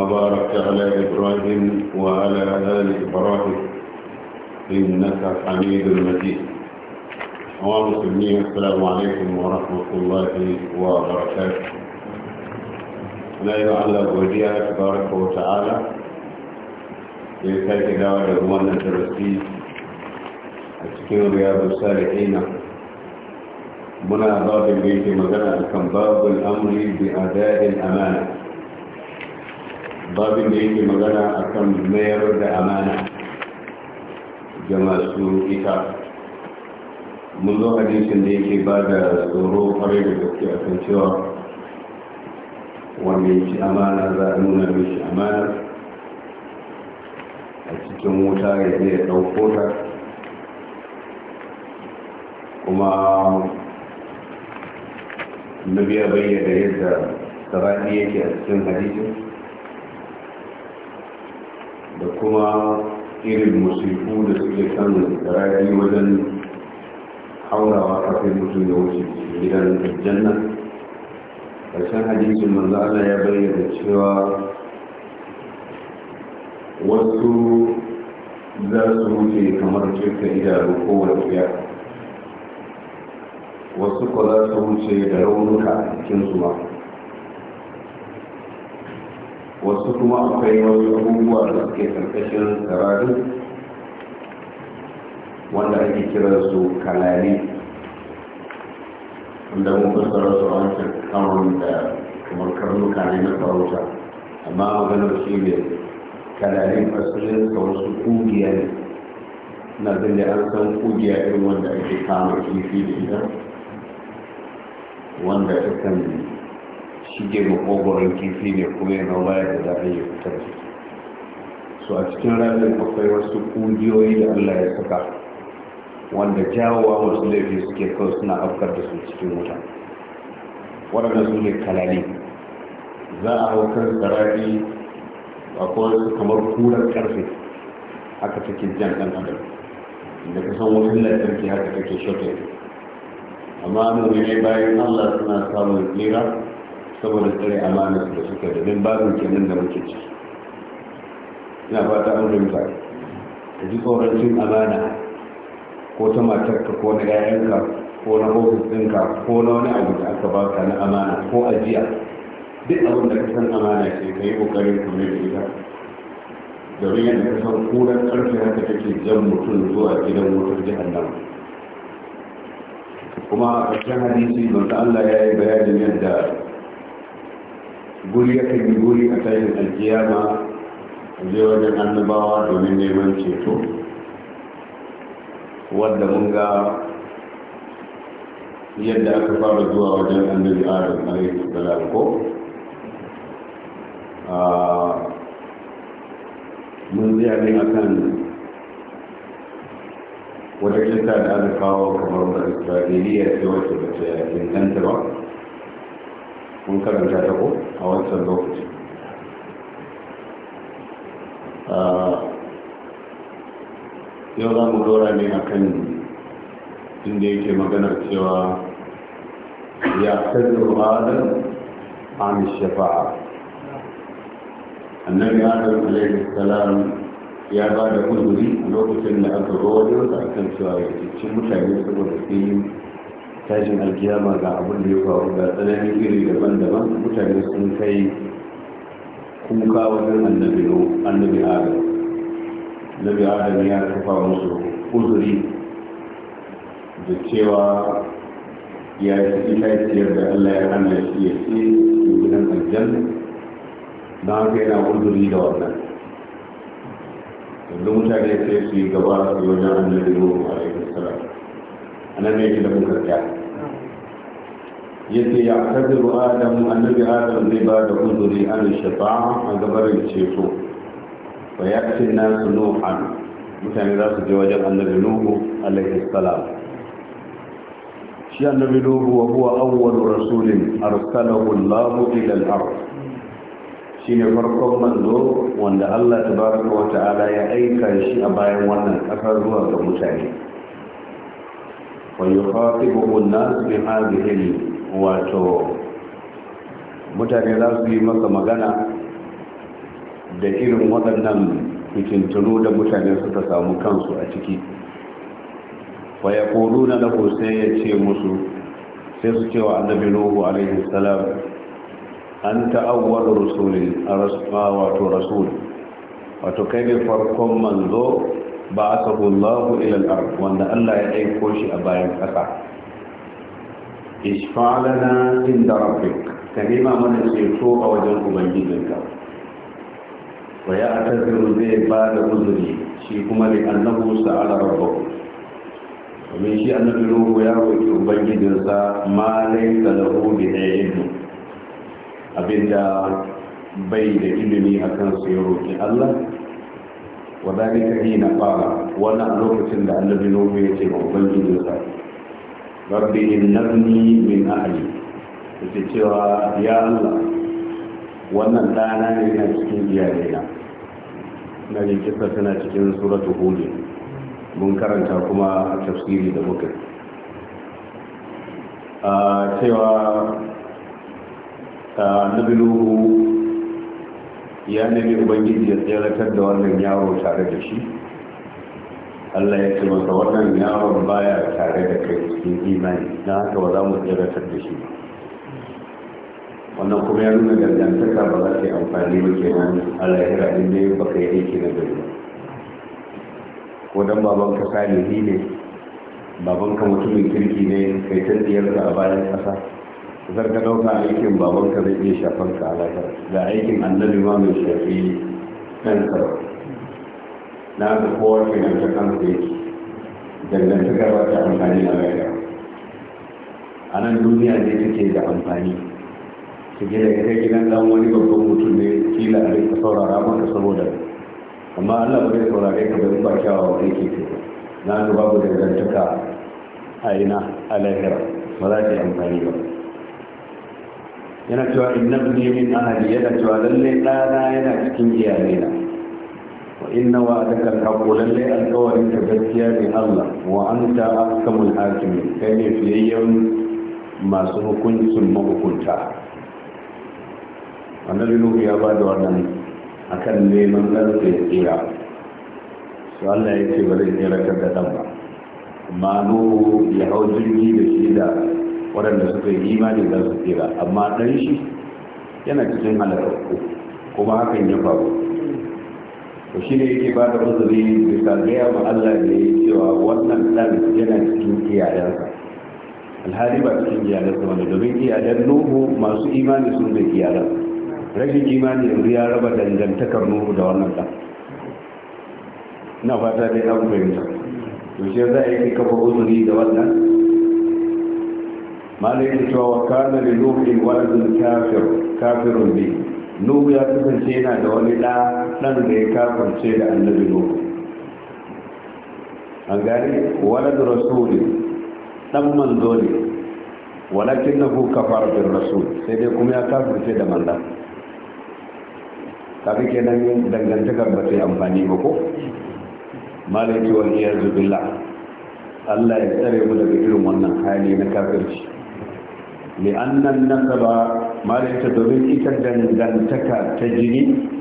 وبارك باركت على إبراهيم وعلى آل إبراهيم إنك حميد مجيد ومسلمين السلام عليكم ورحمة الله وبركاته لا يعلق وديعة تبارك وتعالى لكي تدعو دعوانا ترسيس أتكين رياض الصالحين منا باب البيت مغنى كم باب الأمر بأداء الأمانة babin da yake magana a kan mayar da amana ga masu ita mun zo hadisin da yake ba da tsoro kwarai da gaske a kan cewa wanda ya ci amana za a nuna mishi amana a cikin wuta ya zai ɗauko ta kuma na biya bayyana yadda sarari yake a cikin hadisin kuma irin musiku da suke kan rayu wajen haurawa kafin mutum da wuce gidan aljanna ƙarshen hadisin manzo Allah ya bayyana cewa wasu za su wuce kamar cirka idanu ko wasiya wasu ko za su wuce da raunuka cikin su ma wasu kuma akwai wasu abubuwa da suke karkashin sararin wanda ake kira su kalali wanda mun fassara su an kamar da kamar karnuka ne na farauta amma maganar shi ne kalalin asalin ka wasu kungiya ne na zan da an san kungiya irin wanda ake kama kifi da ita wanda ta kan shige makogoron kifi ne kuma yana baya da za a yi fitar su a cikin ramin akwai wasu ƙungiyoyi da allah ya saka wanda jawowa masu laifi suke kawai suna afkar da su cikin wuta waɗanda su ne kalali za a hau kan sarari akwai wasu kamar kurar karfe haka take jan ɗan adam da kusan wasu lantarki haka take shotin amma mu ne bayan allah suna samun tsira saboda tsare amanar da suka da ba babin kenan da muke ci ina fata an rinta da ji tsoron amana ko ta matar ka ko na yayanka ko na ofis ɗinka ko na wani abu da aka ka na amana ko ajiya duk abin da ka san amana ce ka yi ƙoƙarin kuma da ita domin yadda ka san kuran ƙarfe haka take jan mutum zuwa gidan wutar nan. kuma a ƙarshen hadisi manzo Allah ya yi bayanin yadda guri ya kan yi guri a tayin alkiyama je wajen annabawa domin neman ceto wadda mun ga yadda aka fara zuwa wajen annabi adam alaihi salam ko mun zai ne akan wata kinta da aka kawo kamar da isra'iliya ce wacce ba ta inganta ba mun karanta ta ko a wancan lokaci ah, yau za mu dora ne a kan inda yake maganar cewa ya sanya ma'adar amish shafa annabi adam alaihi salam ya ba da uzuri a lokacin da aka rawar yau da akan cewa ya cikin mutane saboda su yi tashin alkiyama ga abin da ya faru ga tsananin iri daban-daban mutane sun kai kuka wajen annabi annabi adam annabi adam ya kafa musu uzuri da cewa ya yi itaciyar da allah ya hana shi ya ce gidan aljan na haka yana uzuri da wannan yanzu mutane sai su yi gaba su wajen annabi nuhu alaihi salam annabi ya ke da mukarta yace ya tadiru adam annabi adam zai ba da uzuri an shafa'a a gabarin ceto wa yaktin nasu nuhan mutane za su je wajen annabi nuhu alaihi salam shi annabi nuhu wa huwa awwalu rasulin arsalahu Allah ila al-ard shine farkon manzo wanda Allah tabaraka wa ta'ala ya aika shi a bayan wannan kasar zuwa ga mutane wa yukhatibu an-nas bi hadhihi wato mutane za su yi masa magana da irin waɗannan fitintunu da mutane suka samu kansu a ciki wa ya na lahu sai ya ce musu sai su cewa annabi nuhu alaihi salam an a rasuwa wato rasul wato kai ne farkon manzo ba aka bullahu ilal ard wanda Allah ya aiko shi a bayan ƙasa ishfa lana inda rabbik ka nema mana ceto a wajen ubangijinka wa ya ataziru zai ba da uzuri shi kuma annabu sa sa'ala rabbahu domin shi annabi ruhu ya roki ubangijinsa ma laysa lahu bi ilmi abinda bai da ilimi akan su ya roki Allah wa dalika hina qala wannan lokacin da annabi ruhu ya ce wa ubangijinsa rabbi innabni min ahli yake cewa ya Allah wannan ɗana ne yana cikin iyalina na ne kisa tana cikin suratu hud mun karanta kuma tafsiri da muka a cewa na nabilu ya nemi ubangiji ya tseratar da wannan yawo tare da shi Allah ya ce masa wannan yaron baya tare da kai cikin imani na haka ba za mu tsiratar da shi wannan kuma ya nuna dangantaka ba za ta yi amfani ba ke nan alahira in ne ba ka aiki na gari ko don baban ka salihi ne baban ka mutumin kirki ne kai ta da a bayan ƙasa zarga ɗauka aikin baban ka zai iya shafan ka alahira da aikin annabi ma mai shafi ɗan karo na ga kowa ke nan ta kan zai dangantakar ba ta amfani a rayuwa a nan duniya ne take da amfani su gina kai gidan dan wani babban mutum ne kila a rinka saurara maka saboda amma allah ba zai saurare ka bai ba wa aiki ke na ga babu dangantaka a ina a lahira ba za ta yi amfani ba yana cewa in na ne min ahali yana cewa lallai ɗana yana cikin iyalena na inna wa'adaka alhaq lallai alƙawarin ka gaskiya ne Allah wa anta kamun hakim kai ne fiyayyen masu hukuncin mahukunta annabi nuhu ya bada wannan akan neman ɗansa ya tsira su Allah ya ce ba zai tsirakar da ɗan ba amma nuhu ya hau jirgi da shi da waɗanda suka yi imani za su tsira amma ɗan shi yana cikin halakakku kuma hakan ya faru to shi ne yake ba da uzuri bisa gaya ma Allah ne cewa wannan ɗan yana cikin iyayensa alhali ba cikin iyayensa wanda domin iyayen nuhu masu imani sun da iyalan rashin imani yanzu ya raba dangantakar nuhu da wannan ɗan na fata dai an fahimta to shi za a yi kafa uzuri da wannan malai cewa wa kana li nuhin waladun kafir kafirun bi nuhu ya kasance yana da wani ɗa ɗan da ya kafirce da annabi nuhu an wala walad rasuli ɗan manzo ne walakin na ku kafar da rasul sai dai kuma ya kafirce da manzo kafi kenan dangantaka ba ta yi amfani ba ko malaki wani ya zubila allah ya tsare mu daga irin wannan hali na kafirci li'annan nasaba malaki domin ita dangantaka ta jini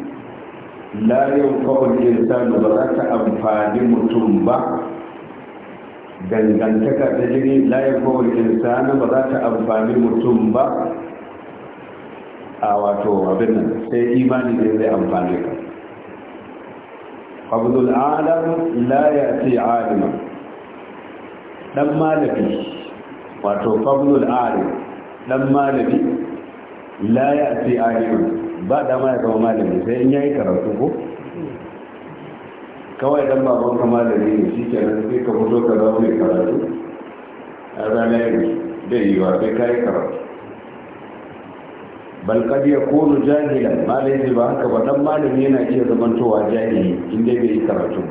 la yau kawai insanu ba za ta amfani mutum ba dangantaka ta jini la yau kawai insanu ba za ta amfani mutum ba a wato abin nan sai imani ne zai amfani ka qabdul alam la ce alima dan malami wato qabdul alim dan malabi. la ya ce alim ba dama ya zama malami sai in yayi karatu ko kawai dan baban kama malami ne shi nan sai ka fito ka zama mai karatu a ranar yanzu bai yi wa sai kayi karatu bal kad yakunu jahilan malami ba haka ba dan malami yana iya zamantowa jahili inda bai yi karatu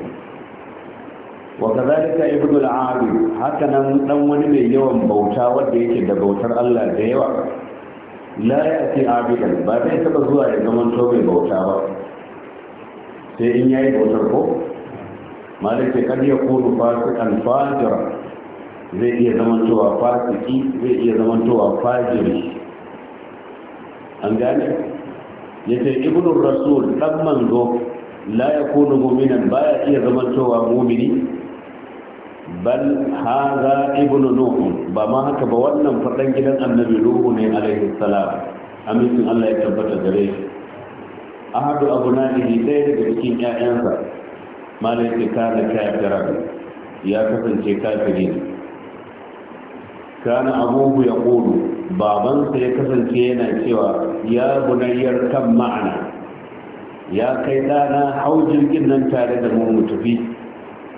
wa kadhalika ibnu al al'adu, haka nan dan wani mai yawan bauta wanda yake da bautar Allah da yawa la ya ce abidan ba zai taba zuwa ya zama to mai bauta ba sai in yayi bautar ko malik ya kariya kunu fasikan fajira zai iya zamantowa fasiki zai iya zamantowa fajiri an gane ya ce ibnul rasul dan manzo la yakunu kunu muminan baya iya zamantowa mumini bal haza ibnu nuh ba ma haka ba wannan fadan gidan annabi ruhu ne alaihi salam amincin Allah ya tabbata gare shi ahadu abunaihi dai daga cikin ƴaƴansa malai ce kana kafira ya kasance kafiri ne kana abubu ya kudu babansa ya kasance yana cewa ya bunayyar kan ma'ana ya kai ɗana haujin jirgin nan tare da mu mu tafi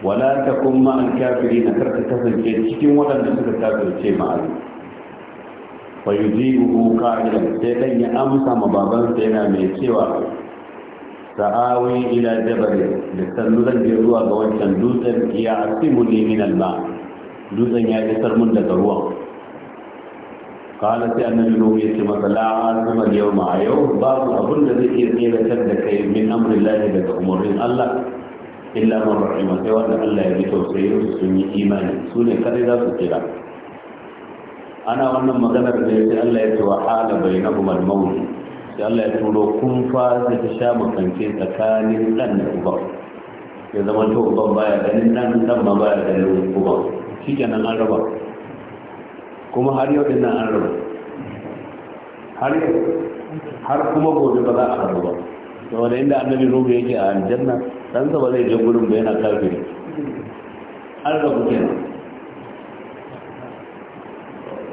wala ta kun ma'al kafiri na karka kasance cikin waɗanda suka kafirce ma'al fa yi ji uku ka'ilan sai ɗan ya amsa ma babansa yana mai cewa sa'awi ila jabari da sannu zan je zuwa ga wancan dutsen ya asimu ne min alma dutsen ya isar mun daga ruwan kala sai annabi nuhu ya ce masa la azuma yau ma yau babu abin da zai iya tseratar da kai min amrillahi daga umarnin allah illa ma rahima sai wanda Allah ya ji tausayin su sun yi imani su ne kadai za su kira ana wannan maganar da sai Allah ya ce wa hala bainahum al-maut sai Allah ya turo kun fa sai ta sha makance tsakanin dan da uba ya zama to uban baya ganin dan dan ma baya ganin uba shikenan an raba kuma har yau din nan an raba har yau har kuma gobe ba za a raba ba saboda inda annabi ruhu yake a aljanna dan ba zai je gurin ba yana kafiri an rabu kenan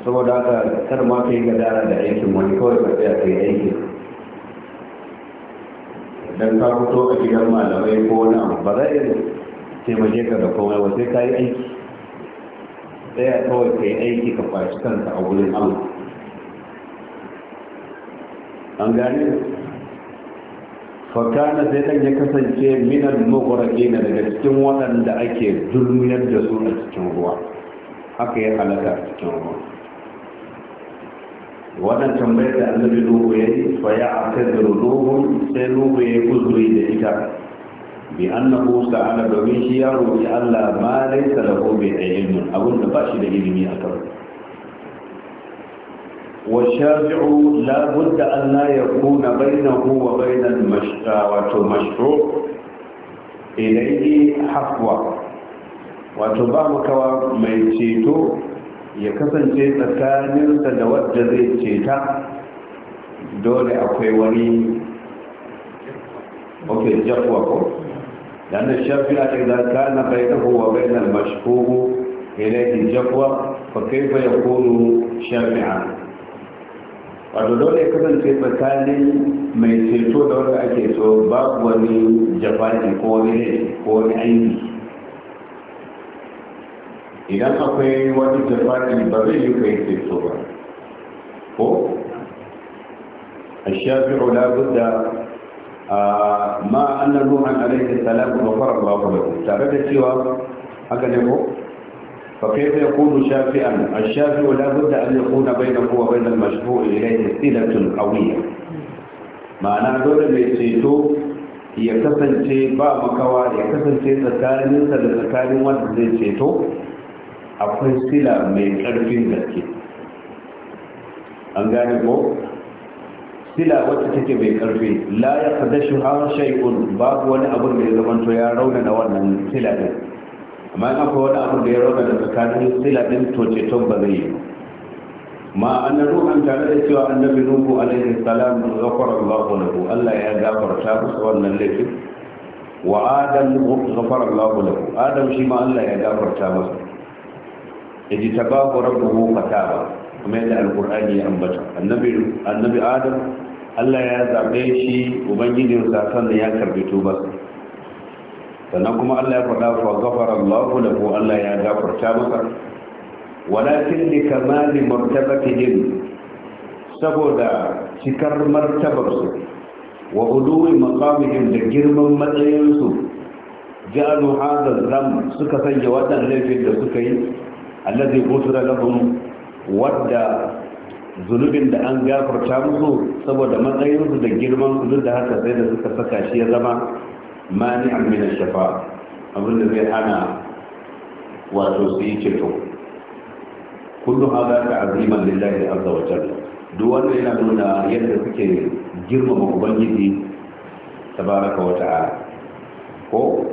saboda haka kar ma ka yi gadara da aikin wani kawai ba tsaya ka yi aikin dan ka fito a gidan malamai ko wani abu ba zai yi taimake ka da komai ba sai ka yi aiki a kawai ka yi aiki ka fashi kanka a wurin allah an gane fakana sai dan ya kasance minan minal na daga cikin waɗanda ake zulmiyar da su a cikin ruwa haka ya halaka a cikin ruwa wannan tambayar da annabi nuhu ya yi fa ya zuru nuhu sai nuhu ya yi da ita bi annahu sa'ala domin shi ya roki Allah ma laysa lahu bi ilmin abin da ba shi da ilimi a kansa والشارع لا بد أن لا يكون بينه وبين المشروع إليه حفوة وتبارك وميتيته يكفن شيء كامل تدوج ذي تيتا دول ولي أوكي جفوة لأن الشافعي إذا كان بينه وبين المشكوك إليه جفوة فكيف يكون شافعا wato dole ya kasance tsakanin mai ceto da wanda ake so babu wani jafaki ko wani ko wani aiki idan akwai wani jafaki ba zai yi kai ceto ba ko a shafi la budda a ma'anar ruhan alaihi salam ba fara ba ku tare da cewa haka ne ko فكيف يكون شافئا الشافئ لا بد أن يكون بينه وبين المشفوع إليه صله قوية معناه دولة ميسيتو يكسن شيء بعض مكوار يكسن شيء تتالي نسا لتتالي وانت زي شيتو أفهي سلة من أرفين ذكي أنقاني بو سلة وتتكي من أرفين لا يقدشها شيء بعض وانا أبن من الزمن تيارون نوانا من سلة دي. amma in akwai wani abu da ya rauta da tsakanin sila ɗin toceton ba zai yi ma an ruhan tare da cewa annabi nuhu alaihi salam ghafara Allahu lahu Allah ya gafarta masa wannan laifin wa adam ghafara Allahu lahu adam shi ma Allah ya gafarta masa yaji tabahu rabbuhu fataba kuma yadda alqur'ani ya ambata annabi annabi adam Allah ya zabe shi ubangijinsa sannan ya karbi tubarsa sannan kuma Allah ya faɗa fa ghafara Allahu lahu Allah ya gafarta masa walakin li kamali martabatihim saboda cikar martabarsu wa huduwi maqamihim da girman matsayinsu ja'alu hadha zam suka sanya wannan laifin da suka yi allazi ghufira lahum wadda zunubin da an gafarta musu saboda matsayinsu da girman su da haka sai da suka saka shi ya zama Mani Amina Shafa shafaa abinda zai hana wato su yi ceto Kullum kullu ta ta'ziman lillahi azza wa jalla duk wanda yana nuna yadda suke girmama ubangiji tabaraka wa ta'ala ko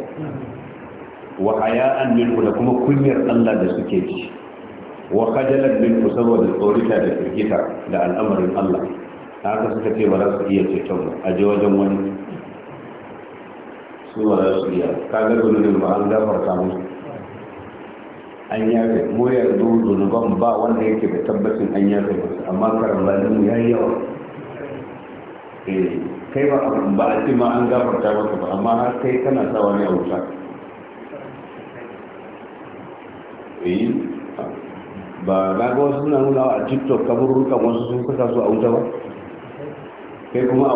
wa haya'an da kuma kunyar Allah da suke ci wa khajalan minhu saboda tsorita da firgita da al'amarin Allah haka suka ce ba za su iya ceton a ji wajen wani su ba su kaga zunubin ba an gafarta musu an mu zunuban ba wanda yake da tabbacin an amma ya yi yawa eh, kai ba ba a ma an gafarta masa ba amma har kai kana sa wani a wuta eh, ba ga wasu nuna a tiktok kaburrukan wasu sun su a wuta ba kai kuma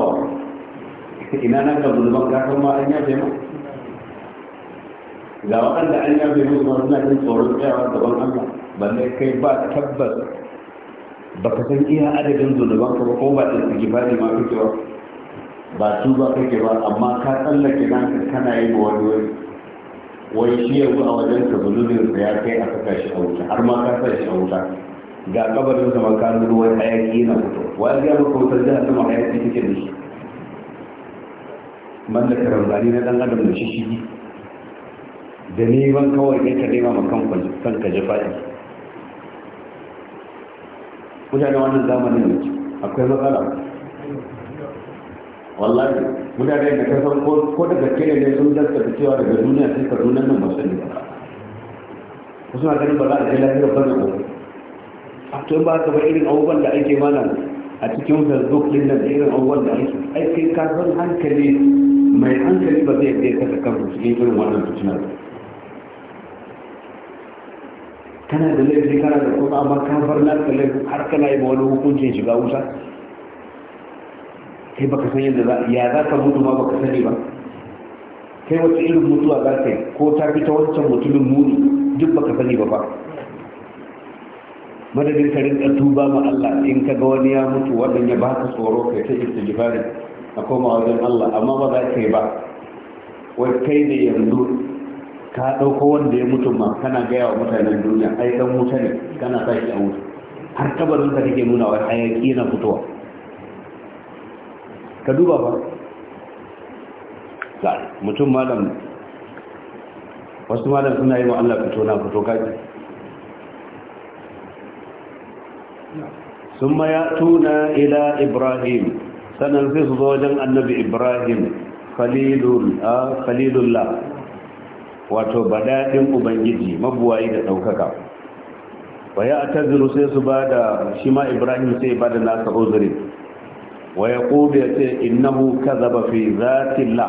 ina nan ka zunuban kasan ma an yafe mu ga waɗanda an yafe mu kuma suna jin tsoron tsayawa gaban Allah balle kai ba tabbas ba ka san iya adadin zunuban ka ba ko ba da ne ma kake ba ba su ba kake ba amma ka tsallake nan kana yi ma wani wani wai shi yanzu a wajen ka zunubin sa ya kai a saka shi a wuta har ma ka sa shi a wuta ga kabarin sa ma ka zuwa hayaki na fito wa ya maka wutar jihar sama hayaki take da shi banda karambani na dan adam da shi da neman kawai ne ka nema ma kan ka ji faɗi mutane wannan zamanin akwai matsala wallahi mutane da kasar ko da gaske ne ne sun zanta da cewa daga duniya sai ka duniya nan masu ne ba wasu na ganin ba za a je lafiyar ba ko a to ba ka ba irin abubuwan da ake mana a cikin facebook din nan da irin abubuwan da ake aikin kasar hankali mai hankali ba zai iya kasa kan cikin irin wannan ba kana da laifi kana da kuma amma ka bar na da laifin har kana yi ma wani hukuncin shiga wuta kai baka san yadda za ya za ka mutu ma baka sani ba kai wata irin mutuwa za ka yi ko ta fi ta wancan mutumin muni duk baka sani ba ba madadin ka rinka tuba ma Allah in ka ga wani ya mutu wannan ya baka tsoro kai ta istighfarin a koma wajen Allah amma ba za ka yi ba wai kai ne yanzu ka ɗauko wanda ya mutu ma kana gaya wa mutanen duniya ai dan mutu ne kana sa shi a wuta har kabarin ka take nuna wai hayaki na fitowa ka duba ba mutum malam wasu malam suna yi wa Allah fito na fito kaji ثم يأتون إلى إبراهيم sannan sai su zo wajen annabi ibrahim ah, khalilullah wato badaɗin ubangiji mabuwayi da ɗaukaka wa ya ataziru sai su ba da shi ma ibrahim sai ba da nasa uzuri wa ya ƙube ce innahu kazaba fi La?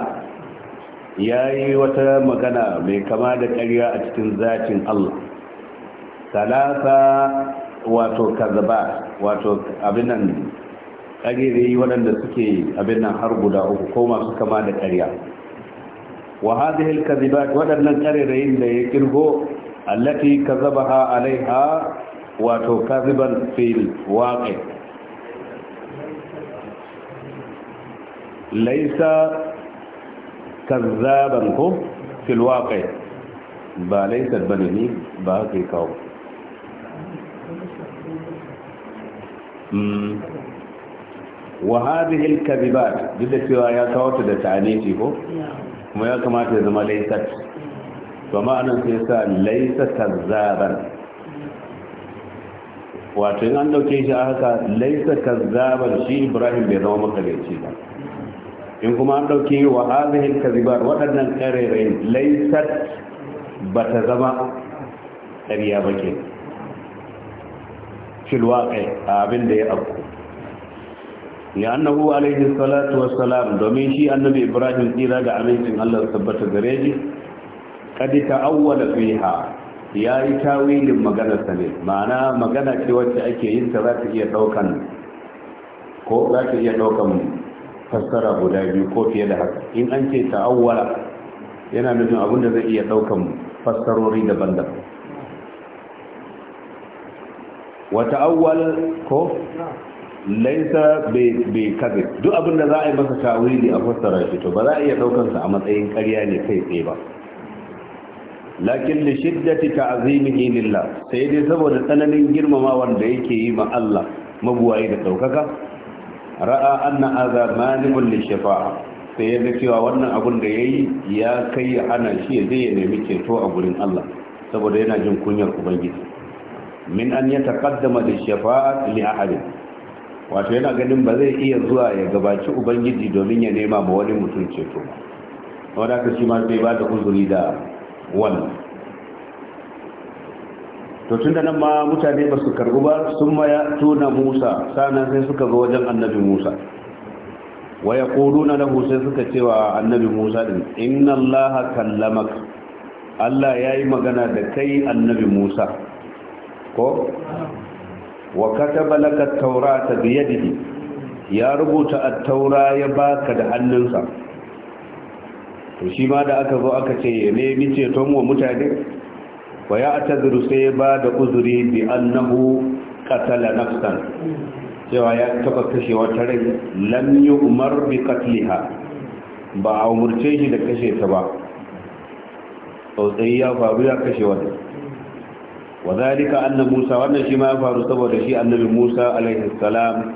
ya yi wata magana mai kama da ƙarya a cikin zatin allah Salasa wato ba wato abinan ƙarerai waɗanda suke abin nan har guda uku ko masu kama da ƙarya wa hadhihi al-kadhibat waɗannan ƙarerayin da ya kirgo allati kazabaha alaiha wato kaziban fil waqi laysa kazzaban ko fil waqi ba laysa banani ba kai kawo hmm. wa hadhihi al-kadhibat duk da cewa ya kawata da tane ko kuma ya kamata ya zama laysa to ma'anar sai sa laysa kazzaban wato in an dauke shi a haka laysa kazzaban shi Ibrahim bai zama makalaici ba in kuma an dauke wa hadhihi al-kadhibat wadannan karerai ba bata zama ƙarya ba ke filwa kai abin da ya abu li'annahu alaihi salatu wassalam domin shi annabi ibrahim tsira da amincin allah tabbata gare shi kad ta'awwala fiha yayi tawilin magana ne ma'ana magana ce wacce ake yin ta za ta iya daukan ko fassara guda biyu ko fiye da haka in an ce ta'awwala yana nufin abin da zai iya daukan fassarori daban-daban wata awwal ko laisa bai kaze duk abin da za a yi masa tawili a fassara shi to ba za a iya daukansa a matsayin karya ne kai tsaye ba lakin da shiddati ta'zimihi lillah sai dai saboda tsananin girmamawar da yake yi ma Allah mabuwayi da daukaka ra'a anna hadha manimun lishafa'a sai yaga cewa wannan abun da yayi ya kai ya ana shi ya zai ya nemi ceto a gurin Allah saboda yana jin kunyar ubangiji min an yataqaddama lishafa'a li ahadin wato yana ganin ba zai iya zuwa ya gabaci ubangiji domin ya nema ba wani mutum ceto ba wadda ka shi ma sai ba da uzuri da wannan to tun da nan ma mutane ba su karbu ba sun maya tuna musa sanan sai suka zo wajen annabi musa Waya ya na lahu sai suka cewa annabi musa din inna allaha kallamak allah ya yi magana da kai annabi musa ko wa kataba laka taurata yadihi ya rubuta at-taura ya baka da hannunsa to shi ma da aka zo aka ce ya nemi ceton wa mutane wa ya atadru sai ba da uzuri bi annahu qatala nafsan cewa ya taba kashe wata rai lam yu'mar bi qatliha ba a umurce shi da kashe ta ba tsautsayi ya faru ya kashe wata wa zalika anna musa wannan shi ma ya faru saboda shi annabi musa alaihi salam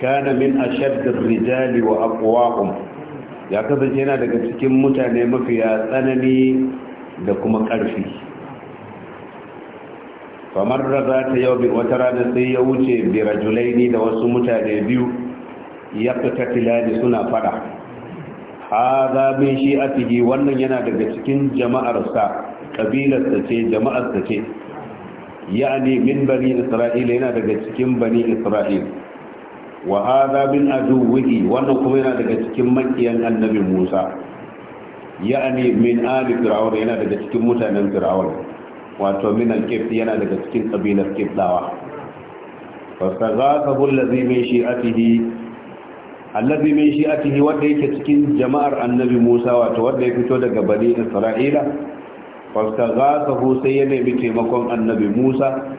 kana min ashadd ar-rijali wa aqwahum ya kasance yana daga cikin mutane mafiya tsanani da kuma karfi kamar da za ta wata rana sai ya wuce bi rajulaini da wasu mutane biyu ya fita tilani suna fada haza min shi'atihi wannan yana daga cikin jama'arsa kabilarsa ce jama'arsa ce yani min bani isra'ila yana daga cikin bani isra'il wa hadha min aduwwihi wannan kuma yana daga cikin makiyan annabi Musa yani min ali fir'auna yana daga cikin mutanen fir'auna wato min al-kibt yana daga cikin kabilar kibdawa fasaghasahu allazi min shi'atihi allazi min shi'atihi wanda yake cikin jama'ar annabi Musa wato wanda ya fito daga bani isra'ila Faska za ta sai ya nemi taimakon annabi Musa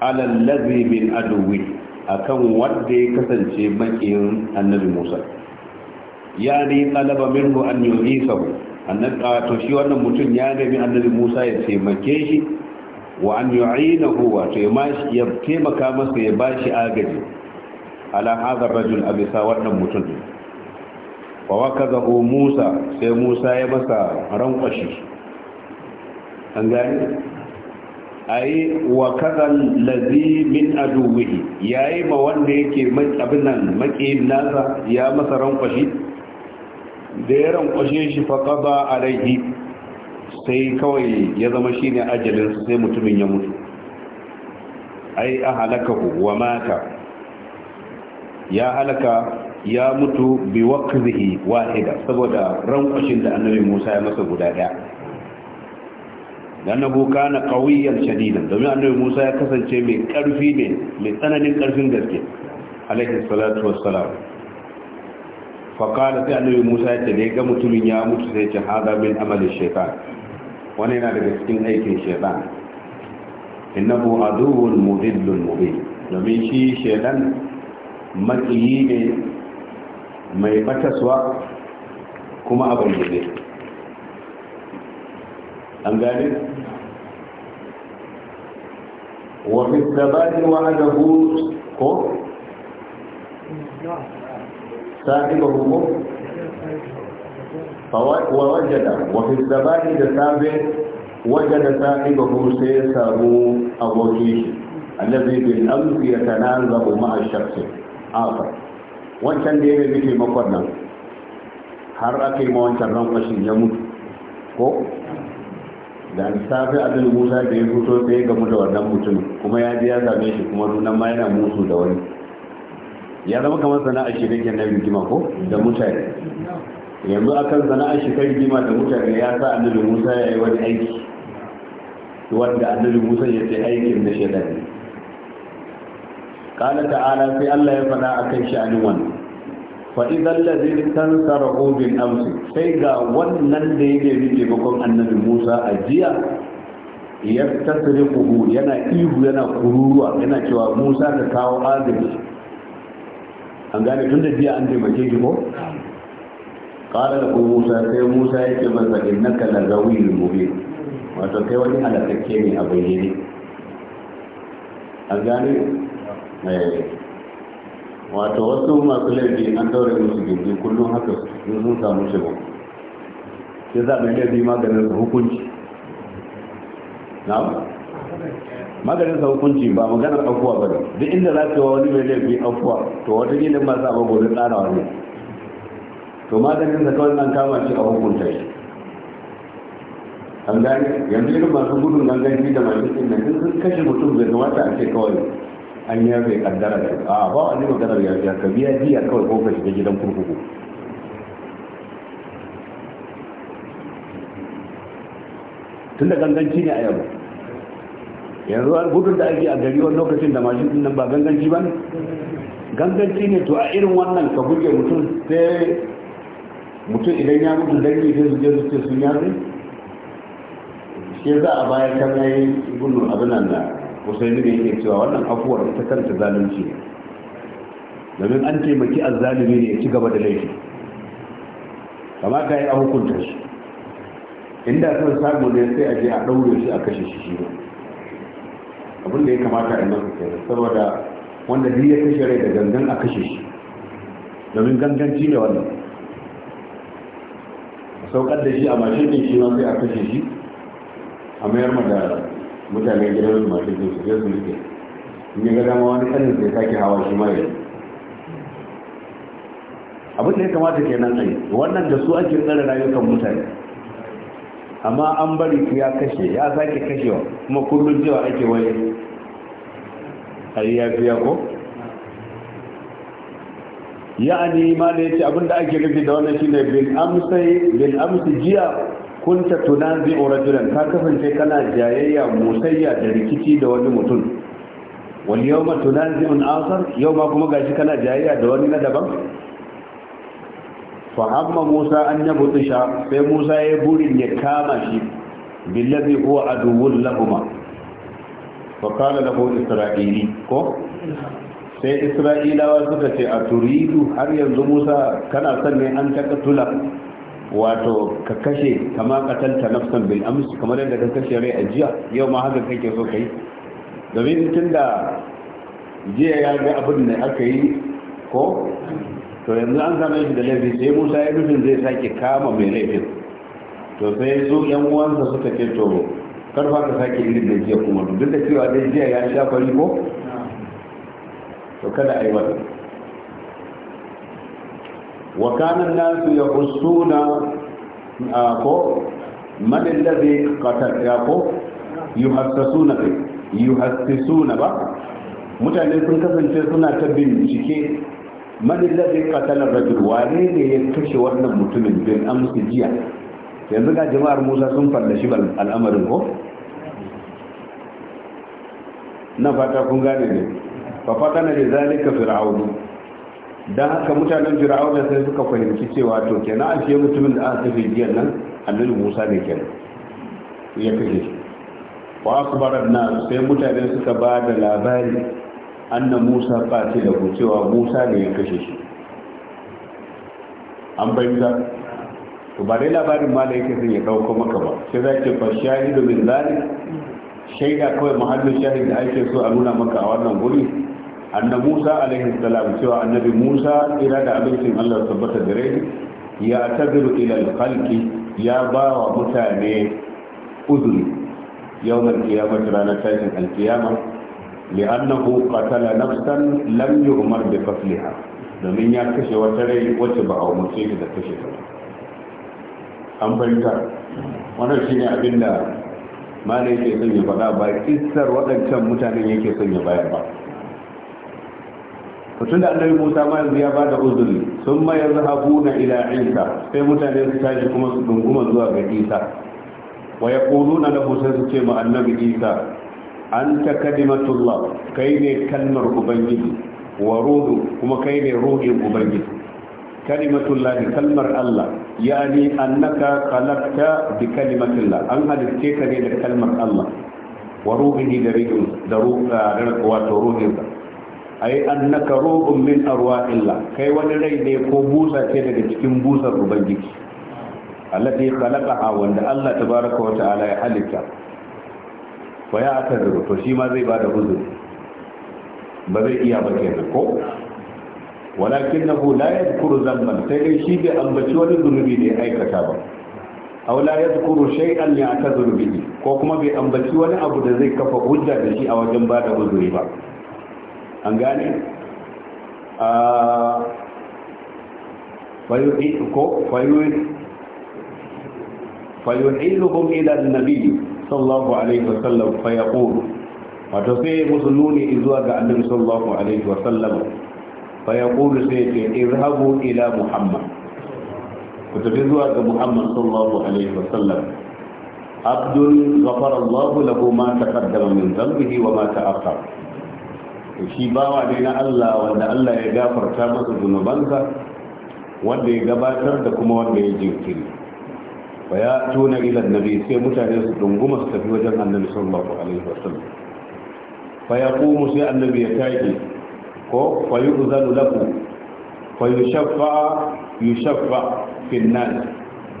ala allazi min aduwi akan wanda ya kasance makiyin annabi Musa Ya yani talaba minhu an yuhisahu annabi to shi wannan mutum ya nemi annabi Musa ya taimake shi wa an na wa to ya taimaka masa ya ba shi agaji ala hadha rajul bisa wannan mutum fa wakazahu Musa sai Musa ya masa rankwashi an gane ayi wa kazan lazi min aduwihi yayi ma wanda yake abin nan makiyin nasa ya masa rankwashi da ya rankwashe shi fa qada alaihi sai kawai ya zama shine ajalin su sai mutumin ya mutu ai ahalakahu wa mata ya halaka ya mutu bi wahida saboda rankwashin da annabi Musa ya masa guda daya annabu kana qawiyan shadidan domin annabi Musa ya kasance mai karfi ne mai tsananin karfin gaske alaihi salatu wassalam fa kana sai annabi Musa ya ce dai ga mutumin ya mutu sai ce hada bin amali shaytan wani yana daga cikin aikin shaytan innahu aduwwun mudillun mubin domin shi shaytan makiyi ne mai fatasuwa kuma a bayyane an gane وفي الثبات وعده هو صاحبه ووجد وفي الثبات الثابت وجد صاحبه سيسر أبوكيش الذي بالأمس يتنازع مع الشخص آخر wancan da ya mai miki makon nan har ake ma wancan ran da safi abin musa da ya fito sai ga mu da wannan mutum kuma ya je ya same shi kuma nunan ma yana musu da wani ya zama kamar sana'a shi kake na rigima ko da mutane yanzu akan sana'a shi kan rigima da mutane ya sa annabi musa ya yi wani aiki wanda annabi musa ya ce aikin na shaidan ne kala ta'ala sai allah ya faɗa akan sha'anin wannan fa'izan lazirin kan sarakobin amsi sai ga wannan da yake rike bakon annabi musa a jiya ya tasiri kuhu yana ihu yana kururuwa yana cewa musa ka kawo agaji an gane tun da jiya an taimake shi ko ƙara da kuma musa sai musa ya ce masa innaka lagawi mubin wato kai wani halakakke ne a bayyane an gane eh. wato wasu masu laifi an daure musu gindi kullum haka sun samu shiga sai za mai laifi maganin sa hukunci na maganin sa hukunci ba maganar afuwa ba ne duk inda za ka wani mai laifi afuwa to wata gina ba za a da tsara wani to maganin sa kawai nan kama shi a hukunta shi an gani yanzu irin masu gudun gangan da masu ɗin nan sun kashe mutum bai kamata a ce kawai an yafe kaddara da a ba wani maganar yafiya ka biya jiya kawai ko ka shiga gidan kurkuku tun da ganganci ne a yau yanzu an gudun da ake a gari wani lokacin da mashin din nan ba ganganci ba ne ganganci ne to a irin wannan ka buge mutum sai mutum idan ya mutu dan yi zai je su sun yafe shi za a baya kan yayi gudun abin nan usaini ne yake cewa wannan afuwar ita kanta zalunci ne domin an taimaki azzalumi ne ya ci gaba da laifi ka yi a hukunta shi inda sun samu ne sai a je a ɗaure shi a kashe shi shi abin da ya kamata a masa kai saboda wanda duk ya kashe rai da gangan a kashe shi domin ganganci ne wannan saukar da shi a mashin din shi ma sai a kashe shi a mayar da mutane gidan su masu su je su rike in ga dama wani kanin sai sake hawa shi ma yanzu abin da ya kamata ke nan tsaye wannan da su ake tsare rayukan mutane amma an bari su ya kashe ya sake kashewa kuma kullum cewa ake waye ya fiya ko ya'ani ma da ya ce abin da ake nufi da wannan shine bin amsi bil amsi jiya كنت تنازع رجلا كافن في كنا جايا موسيا دركتي دوني متون واليوم تنازع آخر يوم أقوم قاسي كنا جايا دوني ندبا فأما موسى أن يبطشا في موسى يبوري يكامش بالذي هو عدو لهما فقال له إسرائيلي كو في إسرائيل وزكتي أتريد هل ينزو موسى كان أصلي أن تقتله wato ka kashe kama katalta nafsan bil amsu kamar yadda ka kashe rai a jiya yau ma haka kake so kai domin tun da jiya ya ga abin da aka yi ko to yanzu an same shi da laifi sai musa ya nufin zai sake kama mai laifin to sai su yan uwansa suka ce to karfa ka sake irin da jiya kuma duk da cewa dai jiya ya sha fari ko to kada a yi wannan wa kana nasu na ko man alladhi qatal ya ko yuhassasuna bi yuhassisuna ba mutane sun kasance suna ta bincike man alladhi qatala rajul wane ne ya kashe wannan mutumin bin amsu jiya yanzu ga jama'ar Musa sun fallashi al'amarin ko na fata kun gane ne fa fata na da zalika fir'aunu don haka mutanen da sai suka fahimci cewa to kenan a fiye mutumin da aka fi jiyan nan annabi musa ne kenan ya kashe wa akbarar na sai mutane suka ba da labari anna musa fati da ku cewa musa ne ya kashe shi an bayyana to ba dai labarin ma da yake zai ya dauko maka ba sai za ke fa shahidu min zalik shaida kawai muhallin shahid da ake so a nuna maka a wannan guri anna musa alaihi salam cewa annabi musa ira da abincin allah tabbata gare ya tabiru ila alkhalqi ya ba wa mutane uzuri yawmal qiyamati ranar tashin alkiyama li'annahu qatala nafsan lam yu'mar bi qatliha domin ya kashe wata rai wacce ba a umarce ta da kashe ta an fahimta wannan shine abinda malai yake son ya faɗa ba kissar waɗancan mutanen yake sanya ya bayar ba mutum da annabi musa ma yanzu ya bada uzuri sun ma yanzu habuna ila isa sai mutane su tashi kuma su dunguma zuwa ga isa wa ya kuluna na sai su ce ma annabi isa an ta kadimatullah kai ne kalmar ubangiji wa ruhu kuma kai ne ruhin ubangiji kalimatullah kalmar allah yani annaka khalaqta bi kalimatillah an halitte ka ne da kalmar allah wa ruhihi da ruhin da ruhin wato ruhin ai annaka ruhun min arwahillah kai wani rai ne ko busa ce daga cikin busar ubangiji allati khalaqaha wanda Allah tabaraka wa ta'ala ya halitta wa ya atadru to shi ma zai bada huzur ba zai iya ba kenan ko walakinahu la yadhkuru dhanban sai dai shi bai ambaci wani zunubi da ya aikata ba aw la yadhkuru shay'an ya'tazuru bihi ko kuma bai ambaci wani abu da zai kafa hujja da shi a wajen bada huzuri ba an gane a fayu'illuhum ila annabi sallallahu alaihi wasallam fayaqulu wato sai musu nuni zuwa ga annabi sallallahu alaihi wasallam fayaqulu sai ce irhabu ila muhammad ku tafi zuwa ga muhammad sallallahu alaihi wasallam abdul ghafara allah lahu ma taqaddama min dhanbihi wa ma ta'akhkhara to shi bawa ne na Allah wanda Allah ya gafarta masa zunubansa wanda ya gabatar da kuma wanda ya jinkiri fa ya tuna ila nabi sai mutane su dunguma su tafi wajen annabi sallallahu alaihi wasallam fa yaqumu sai annabi ya tashi ko fa yu'zanu lakum fa yushaffa yushaffa fi an-nas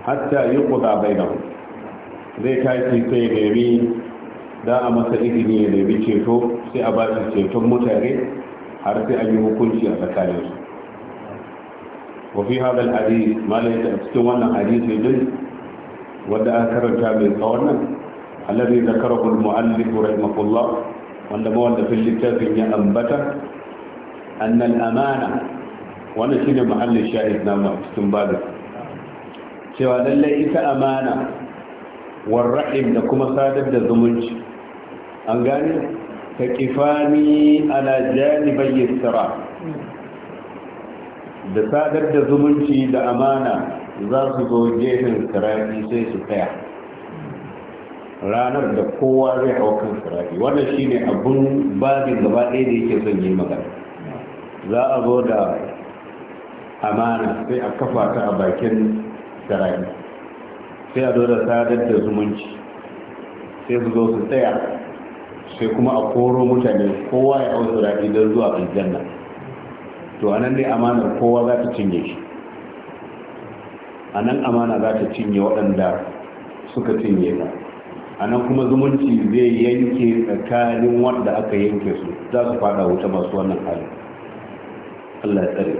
hatta yuqda bainahum zai tafi sai ya nemi da a masa izini ya nemi ceto sai a ba shi ceton mutane har sai an yi hukunci a tsakaninsu. su wafi hadal hadis malai ta cikin wannan hadisi din wanda an karanta mai tsawon nan alladhi zakarahu al-mu'allif rahimahullah wanda mawallafin littafin ya ambata annal amana wannan shine mahallin shahid namu a cikin babin cewa lallai ita amana warra'im da kuma sadar da zumunci an gane ka ana ala janibai yisra da sadar da zumunci da amana za su zo gefen sirari sai su tsaya ranar da kowa zai hau kan sirari wannan shine abun babin gaba ɗaya da yake son yi magana za a zo da amana sai a kafa ta a bakin sirari sai a zo da sadar da zumunci sai su zo su tsaya sai kuma a koro mutane kowa ya hau sirari don zuwa aljanna to a nan ne amanar kowa za ta cinye shi a nan amana za ta cinye waɗanda suka cinye ta a nan kuma zumunci zai yanke tsakanin wanda aka yanke su za su fada wuta masu wannan hali allah ya tsare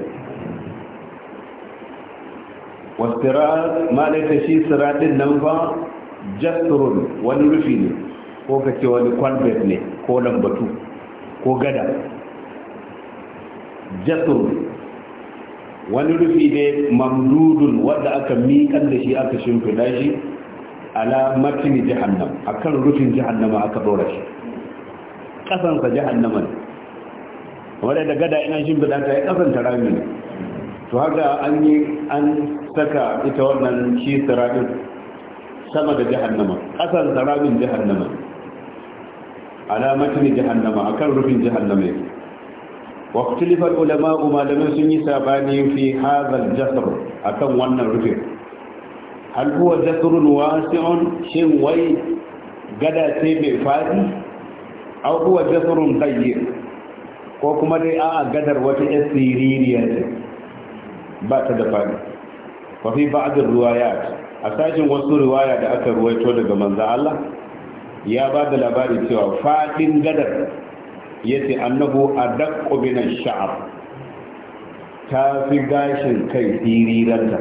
wasu ma da shi siratin nan ba jasturun wani rufi ne ko ka ce wani kwalbet ne ko lambatu ko gada jasur wani rufi ne mamdudun wadda aka miƙar da shi aka shimfiɗa shi ala matini a kan rufin jahannama aka ɗora shi ƙasansa jahannama ne wadda da gada ina shimfiɗa ta yi ƙasanta rami ne to haka an yi an saka ita wannan shi sirarin sama da jahannama ƙasansa ramin jahannama alamatin jahannama akan rufin jahannama yake wa ikhtilafal ulama malamai sun yi sabani fi hadha al-jasr akan wannan rufin hal huwa jasrun wasi'un shin wai gada ce mai fadi aw huwa jasrun dayyiq ko kuma dai a'a gadar wata asiririya ce ba ta da fadi wa fi ba'd ar-riwayat a sashen wasu riwaya da aka ruwaito daga manzo Allah ya ba da labari cewa faɗin gadar ya ce annabu a daƙobinan sha'ar ta fi gashin kai firiranta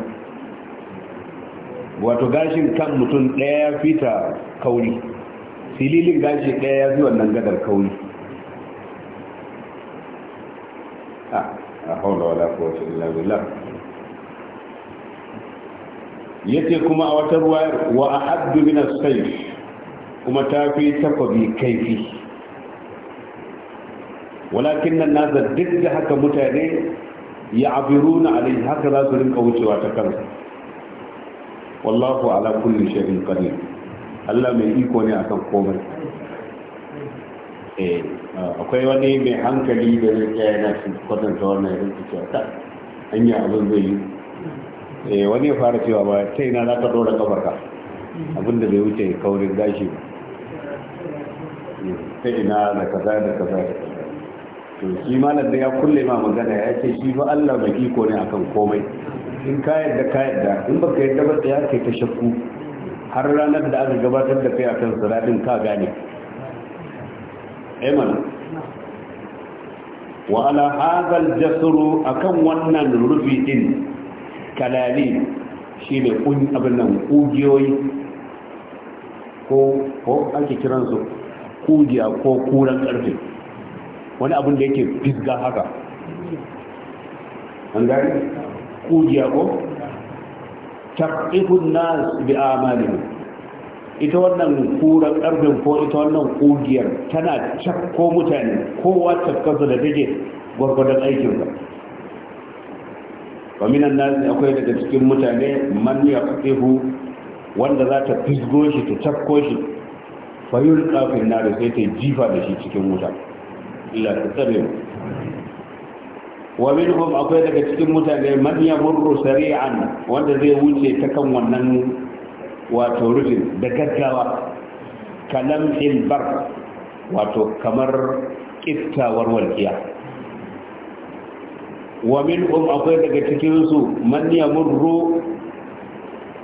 wato gashin kan mutum ɗaya fita kauri fililin gashi ɗaya ya fi wannan gadar kauri ah, a haula wala kowace ilalila ya ce kuma a wata ruwa wa a haddu minas sai kuma ta fi takwabi kaifi walakin nan nasa duk da haka mutane ya abiru na alai haka za su rinka wucewa ta kansa wallahu ala kulli shay'in qadir Allah mai iko ne akan komai eh akwai wani mai hankali da zai tsaya na shi kwatanta wannan irin cewa ta hanya abin zai yi eh wani ya fara cewa ba sai na za ka dora kafarka abinda bai wuce kaurin gashi ba ta ina da kaza da kaza to shi malam da ya kulle ma magana ya ce shi ba Allah mai iko ne akan komai in ka yadda ka yadda in baka yadda ba ya kai ta shakku har ranar da aka gabatar da kai akan siradin ka gane aiman eh, wa ala hadha al-jasru akan wannan rufi din kalali shine kun abin nan kugiyoyi ko ko ake kiransu kujiya ko kuran karfe wani abin da yake fisga haka an gari kujiya ko taqifun nas bi amalihim ita wannan kuran karfin ko ita wannan kujiyar tana cakko mutane kowa cakkansa da take gwargwadon aikin Ba minan nasi akwai daga cikin mutane man ya wanda za ta fisgo shi ta cakko shi fayul kafin na da sai ta jifa da shi cikin wuta illa ta tsare mu wa min minhum akwai daga cikin mutane man yamurru sari'an wanda zai wuce ta kan wannan wato rufin da gaggawa kalam bar wato kamar kiftawar walkiya wa min minhum akwai daga cikin su man murru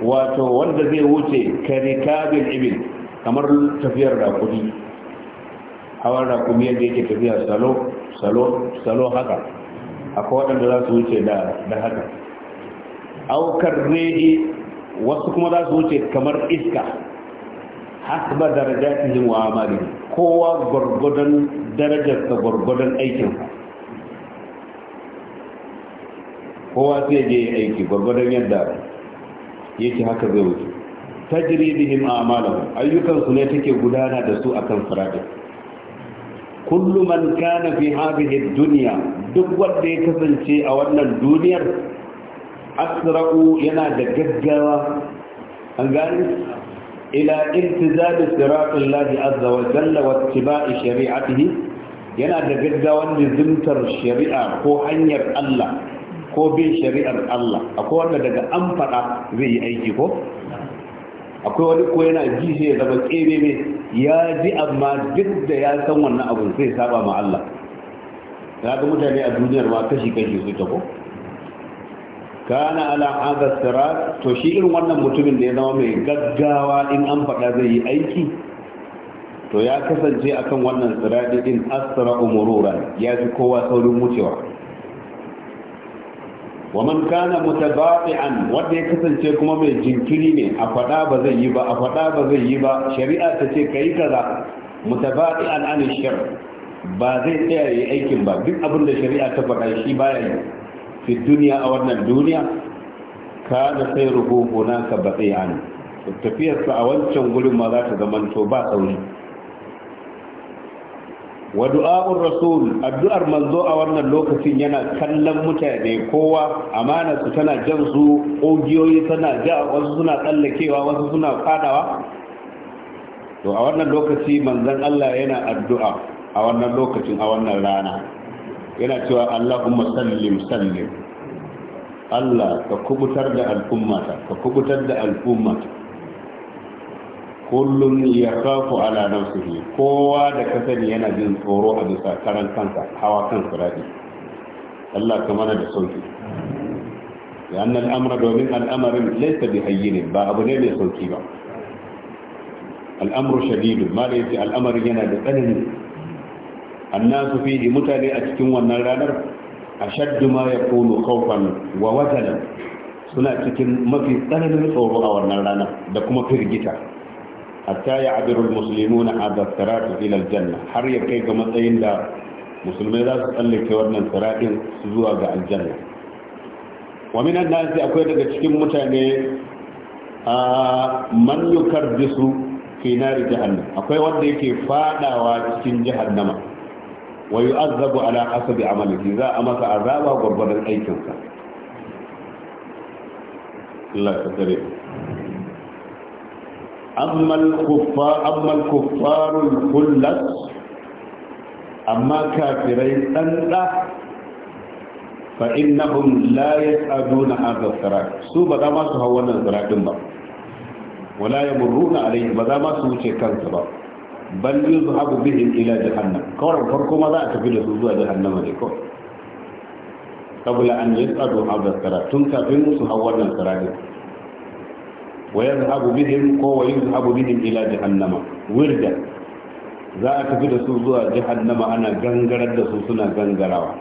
wato wanda zai wuce karikabil ibil kamar tafiyar rakumi da rakumi yadda yake tafiya salo salo salo haka akwai waɗanda za su wuce da haka aukar rehi wasu kuma za su wuce kamar iska hasba darajatihim wa amari kowa gwargwadon darajar da gwargwadon aikin kowa sai je aiki gwargwadon yadda yake haka zai wuce tajri bihim a'malahum ayyukansu ne take gudana da su akan siratin kullu man kana fi hadhihi dunya duk wanda ya kasance a wannan duniyar asra'u yana da gaggawa an gani ila iltizami siratin lahi azza wa jalla wa tibai shari'atihi yana da gaggawan nizimtar shari'a ko hanyar Allah ko bin shari'ar Allah akwai wanda daga an zai yi aiki ko akwai wani ko yana ji shi ya zama tsebe ya ji amma duk da ya san wannan abun sai saba ma Allah ta ga mutane a duniyar ma kashi kashi su ta ko kana ala hada sirat to shi irin wannan mutumin da ya zama mai gaggawa in an faɗa zai yi aiki to ya kasance akan wannan sirati din asra umurura ya ji kowa saurin wucewa wa man kana mutabati'an wanda ya kasance kuma mai jinkiri ne a fada ba zai yi ba a fada ba zai yi ba shari'a ta ce kai kaza mutabati'an an shar ba zai tsaya yi aikin ba duk abin da shari'a ta faɗa shi baya yi fi duniya a wannan duniya ka da sai ruhu hunaka an tafiyarsa a wancan gurin ma za ta zamanto ba sauri wa du'a'ur rasul addu'ar manzo a wannan lokacin yana kallon mutane kowa amana su tana jan su ƙungiyoyi tana ja wasu suna tsallakewa wasu suna fadawa to a wannan lokaci manzon Allah yana addu'a a wannan lokacin a wannan rana yana cewa Allahumma sallim sallim Allah ka kubutar da al'ummata ka kubutar da al'ummata kullum ya kafu ala nafsihi kowa da ka sani yana jin tsoro a bisa karan kansa hawa kan sirati Allah ka mana da sauki ya amra domin al'amarin laysa bi hayyin ba abu ne mai sauki ba al'amru shadidu ma da yace al'amarin yana da tsanani annasu fihi mutane a cikin wannan ranar ashaddu ma yakunu khawfan wa wajalan suna cikin mafi tsananin tsoro a wannan ranar da kuma firgita hatta ya abirul muslimuna hadha ta ilal janna har ya kai ga matsayin da musulmai za su tsallake wannan siratin su zuwa ga aljanna wa minan akwai daga cikin mutane a man yukardisu fi nari akwai wanda yake fadawa cikin jahannama wa azabu ala hasabi amalihi za a masa azaba gurgurdan aikinsa Allah tsare amma al-kuffarul kullas amma kafirai ɗanɗa. fa innahum la yas'aduna hadha sirat su ba za ma su hawa wannan siratin ba wala ya yamurruna alayhi ba za ma su wuce kansa ba Ban bal yuzhabu bihin ila jahannam kawai farko ma za a tafi da su zuwa jahannama ne kawai qabla an yas'adu hadha sirat tun kafin su hau wannan siratin wa yadhhabu ko wa yadhhabu ila jahannama wirda za a tafi da su zuwa jahannama ana gangarar da su suna gangarawa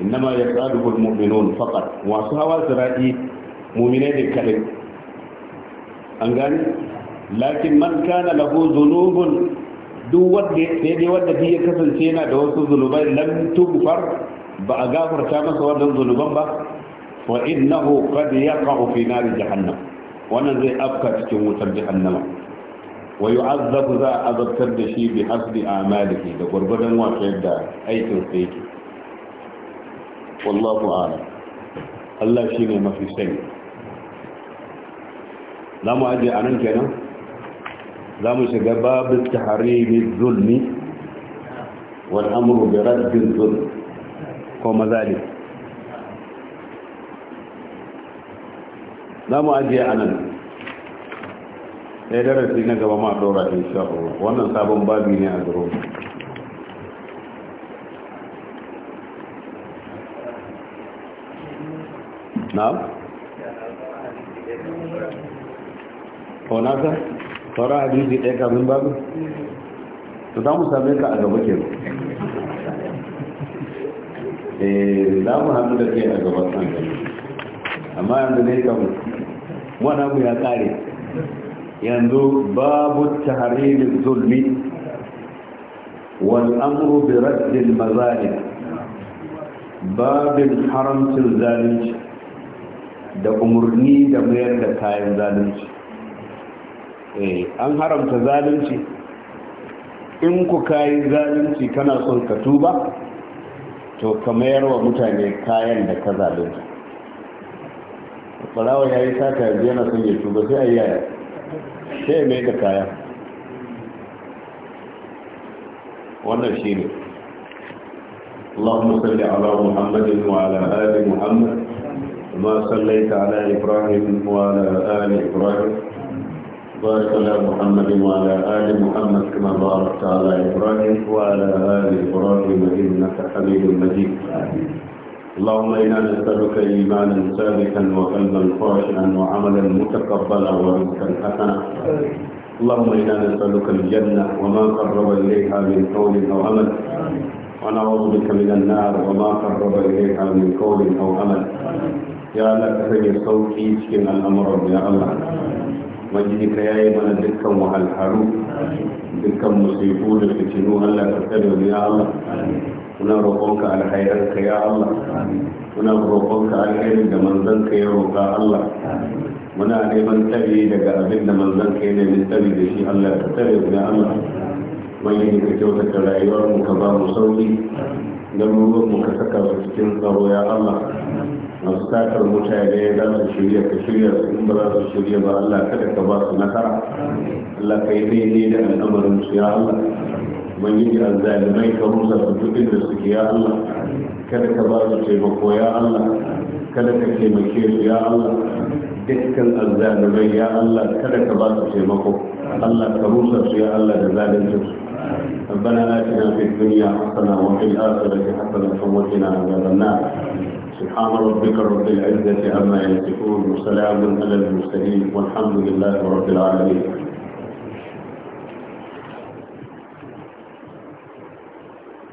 innama yasadu almu'minun faqat wa su hawa mu'minai gani lakin man duk wanda sai dai wanda ya kasance yana da wasu zunubai lam tughfar ba a gafarta masa wannan zunuban ba wa innahu qad yaqa'u fi nari jahannam wannan zai afka cikin wutar jahannama wa yu'azzabu za a azabtar da shi bi hasbi amalihi da gwargwadon wato yadda aikin sa yake wallahu a'lam Allah ne mafi sani za mu aje a nan kenan za mu shiga babu taharimi zulmi wal amru bi raddin zulm ko mazalimi za mu ajiye a nan ɗaya darasi na gaba ma ɗora insha Allah wannan sabon babi ne a zuru na? ko nasa? sauran hadisi ɗaya kamin babu? to za mu same ka a gaba ke eh, za mu hannu da ke a gaba san gani amma yanzu ne kamun wannan abu ya kare yanzu babu tahririn zulmi wal amru bi raddil mazalim babin haramcin zalunci da umarni da mayar da kayan zalunci eh, an haramta zalunci in ku kayi zalunci kana son ka tuba to ka mayar wa mutane kayan da ka zalunta barawa ya yi sata yanzu yana son ya tuba sai a yi yaya sai mai da kaya wannan shi ne اللهم صل على محمد وعلى آل محمد كما صليت على إبراهيم وعلى آل إبراهيم بارك على محمد وعلى آل محمد كما باركت على إبراهيم وعلى آل إبراهيم إنك حميد مجيد آمين اللهم إنا نسألك إيمانا ثابتا وقلبا خاشعا وعملا متقبلا ورزقا حسنا اللهم إنا نسألك الجنة وما قرب إليها من قول أو عمل ونعوذ بك من النار وما قرب إليها من قول أو عمل يا لك في صوتي شكنا الأمر يا الله مجدك يا yi mana وهل حروف dukkan مصيبون da fitinu allah ka tsare muna roƙonka alhairanka ya Allah muna roƙonka alherin da manzanka ya roƙa Allah muna neman tsari daga abin da manzanka ya nemi tsari da shi Allah ka tsare mu ya Allah wani ka kyautata rayuwar mu ka ba mu sauki garuruwan mu ka saka su cikin tsaro ya Allah masu satar mutane za su shirya ka shirya su in ba za su shirya ba Allah kada ka ba su nasara Allah ka yi daidai da al'amarin su ya Allah ubangiji azzalimai ka rusa su duk inda suke ya Allah kada ka ba su taimako ya Allah kada ka taimake su ya Allah dukkan azzalimai ya Allah kada ka ba su taimako Allah ka rusa su ya Allah da zalunci su ربنا آتنا في الدنيا حسنة وفي الآخرة حسنة وقنا عذاب النار سبحان ربك رب العزة عما يصفون وسلام على المرسلين والحمد لله رب العالمين